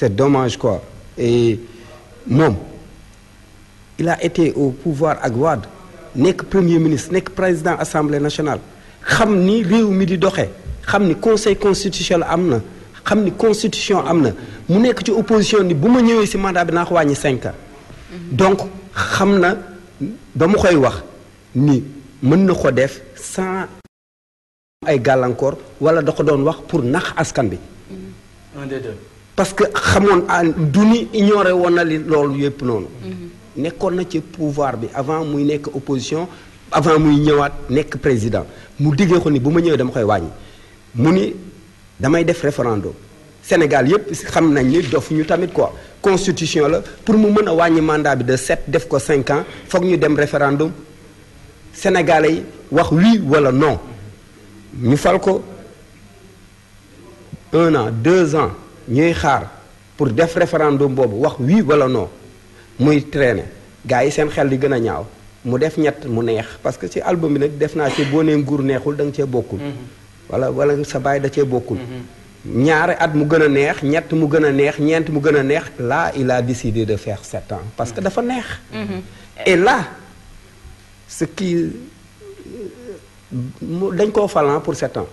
c'est dommage quoi moom il a été au pouvoir ak waad nekk premier ministre nekk président assemblée nationale xam ni réew mi di doxee xam ni conseil la am na xam ni constitution am na mu nekk ci opposition ni bu ma ñëwee si mandat bi naa ko wàññi cinq mhm. donc xam na ba mu koy wax ni mën na ko def sans ay gàllankoor wala da ko doon wax pour nax askan bi mhm. un parce que xamoon du ni ignoré woon na li loolu yëpp noonu. Mhm. nekkoon na ci pouvoir bi avant muy nekk opposition avant muy ñëwaat nekk président mu diggee ko ni bu ma ñëwee dama koy wàññi mu ni damay def référendum Sénégal yëpp xam nañ ni dof ñu tamit quoi constitution la pour mu mën a wàññi mandat bi de sept def ko cinq ans foog ñu dem référendum Sénégalais yi wax oui wala non ñu fal ko un an deux ans. ñuy xaar pour def référendum boobu wax wii wala non muy trainer gars yi seen xel di gën a ñaaw mu def ñett mu neex parce que ci album bi nag def naa ci boo nee nguur neexul da nga cee bokkul. Mhm. wala wala sa baay da cee bokkul. Mhm. ñaari at mu gën a neex ñett mu gën a neex ñeent mu gën a neex là il a décidé de faire sept ans parce que mhm. dafa neex. et là ce qui euh, dañ koo falan pour sept ans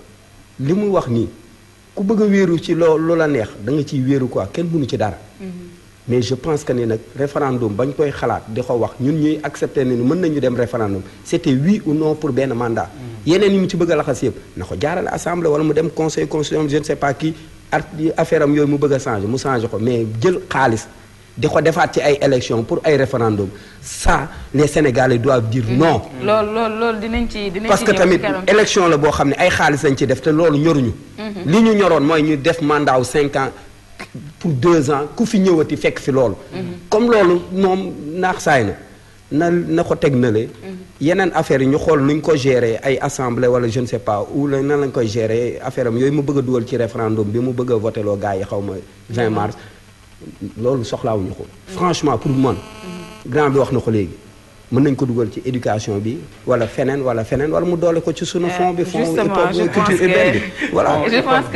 li mu wax nii. ku bëgg a wéeru ci loo lu la neex da nga ciy wéeru quoi kenn mënu ci dara. Mm-hmm. mais je pense que ni nag référendum bañ koy xalaat di ko wax ñun ñuy accepté ne mën nañu dem référendum c'était oui ou non pour benn mandat. Mm-hmm. yeneen yi mu ci bëgg a laxas yëpp na ko jaarale assemblée wala mu dem conseil constitutionnel je ne sais pas qui yooyu mu bëgg a mu changé ko mais jël xaalis di ko defaat ci ay élection pour ay référendum ça les sénégalais doivent dire mm-hmm. non. loolu loolu loolu dinañ ci dinañ ci parce que tamit élection la boo xam ne ay xaalis lañ ci def te loolu ñoruñu. Mhm. li ñu ñoroon mooy ñu def mandat wu cinq ans pour deux ans ku fi ñëwati fekk fi loolu. Mhm. comme loolu moom naax saay na na na ko teg na mhm. yeneen affaires yi ñu xool nu ñu ko gérer ay assemblée wala jeune ne sais pas ou la nan lañ koy gérer affaire am yooyu mu bëgg a dugal ci référendum bi mu bëgg a voté yi xaw ma 20 mars loolu soxlaawuñu ko. franchement pour man. grand bi wax na ko léegi. mën nañ ko dugal ci éducation bi wala feneen wala feneen wala mu doole ko ci sunu eh, fond bi fond culture urbaine bi voilà